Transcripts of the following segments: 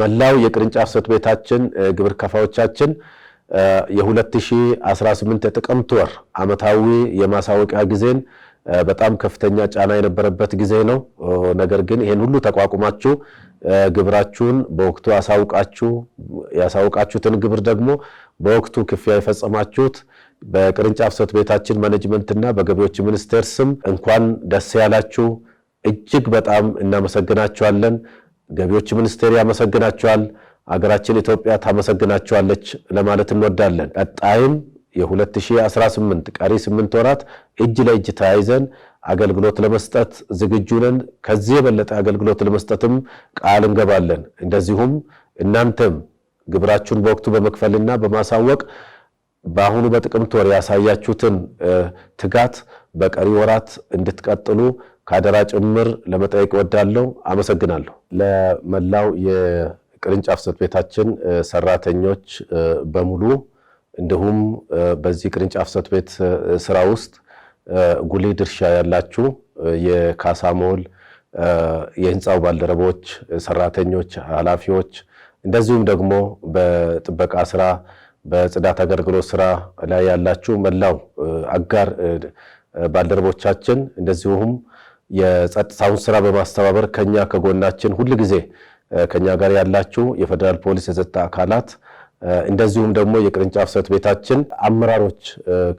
መላው የቅርንጫፍ ጽሕፈት ቤታችን ግብር ከፋዮቻችን የ2018 የጥቅምት ወር ዓመታዊ የማሳወቂያ ጊዜን በጣም ከፍተኛ ጫና የነበረበት ጊዜ ነው። ነገር ግን ይህን ሁሉ ተቋቁማችሁ ግብራችሁን በወቅቱ አሳውቃችሁ ያሳውቃችሁትን ግብር ደግሞ በወቅቱ ክፍያ የፈጸማችሁት በቅርንጫፍ ጽሕፈት ቤታችን ማኔጅመንትና በገቢዎች ሚኒስቴር ስም እንኳን ደስ ያላችሁ። እጅግ በጣም እናመሰግናችኋለን። ገቢዎች ሚኒስቴር ያመሰግናቸዋል። አገራችን ኢትዮጵያ ታመሰግናቸዋለች ለማለት እንወዳለን። ቀጣይም የ2018 ቀሪ 8 ወራት እጅ ለእጅ ተያይዘን አገልግሎት ለመስጠት ዝግጁ ነን። ከዚህ የበለጠ አገልግሎት ለመስጠትም ቃል እንገባለን። እንደዚሁም እናንተም ግብራችሁን በወቅቱ በመክፈልና በማሳወቅ በአሁኑ በጥቅምት ወር ያሳያችሁትን ትጋት በቀሪ ወራት እንድትቀጥሉ ከአደራ ጭምር ለመጠየቅ እወዳለሁ። አመሰግናለሁ። ለመላው የቅርንጫፍ ጽሕፈት ቤታችን ሰራተኞች በሙሉ እንዲሁም በዚህ ቅርንጫፍ ጽሕፈት ቤት ስራ ውስጥ ጉልህ ድርሻ ያላችሁ የካሳሞል የህንፃው ባልደረቦች፣ ሰራተኞች፣ ኃላፊዎች እንደዚሁም ደግሞ በጥበቃ ስራ በጽዳት አገልግሎት ስራ ላይ ያላችሁ መላው አጋር ባልደረቦቻችን እንደዚሁም የጸጥታውን ስራ በማስተባበር ከኛ ከጎናችን ሁል ጊዜ ከኛ ጋር ያላችሁ የፌዴራል ፖሊስ የጸጥታ አካላት እንደዚሁም ደግሞ የቅርንጫፍ ጽሕፈት ቤታችን አመራሮች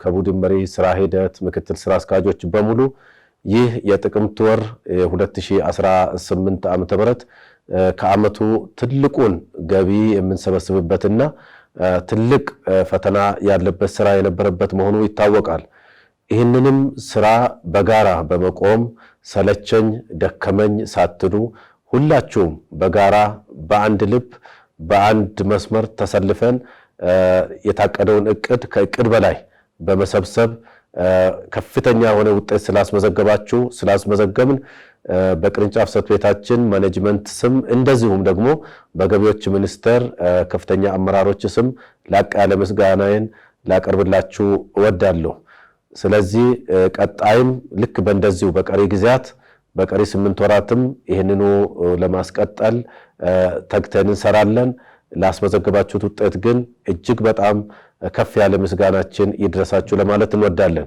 ከቡድን መሪ ስራ ሂደት ምክትል ስራ አስኪያጆች በሙሉ ይህ የጥቅምት ወር 2018 ዓ ም ከአመቱ ትልቁን ገቢ የምንሰበስብበትና ትልቅ ፈተና ያለበት ስራ የነበረበት መሆኑ ይታወቃል። ይህንንም ስራ በጋራ በመቆም ሰለቸኝ ደከመኝ ሳትሉ ሁላችሁም በጋራ በአንድ ልብ በአንድ መስመር ተሰልፈን የታቀደውን እቅድ ከእቅድ በላይ በመሰብሰብ ከፍተኛ የሆነ ውጤት ስላስመዘገባችሁ ስላስመዘገብን በቅርንጫፍ ጽሕፈት ቤታችን ማኔጅመንት ስም እንደዚሁም ደግሞ በገቢዎች ሚኒስቴር ከፍተኛ አመራሮች ስም ላቅ ያለ ምስጋናዬን ላቀርብላችሁ እወዳለሁ። ስለዚህ ቀጣይም ልክ በእንደዚሁ በቀሪ ጊዜያት በቀሪ ስምንት ወራትም ይህንኑ ለማስቀጠል ተግተን እንሰራለን። ላስመዘግባችሁት ውጤት ግን እጅግ በጣም ከፍ ያለ ምስጋናችን ይድረሳችሁ ለማለት እንወዳለን።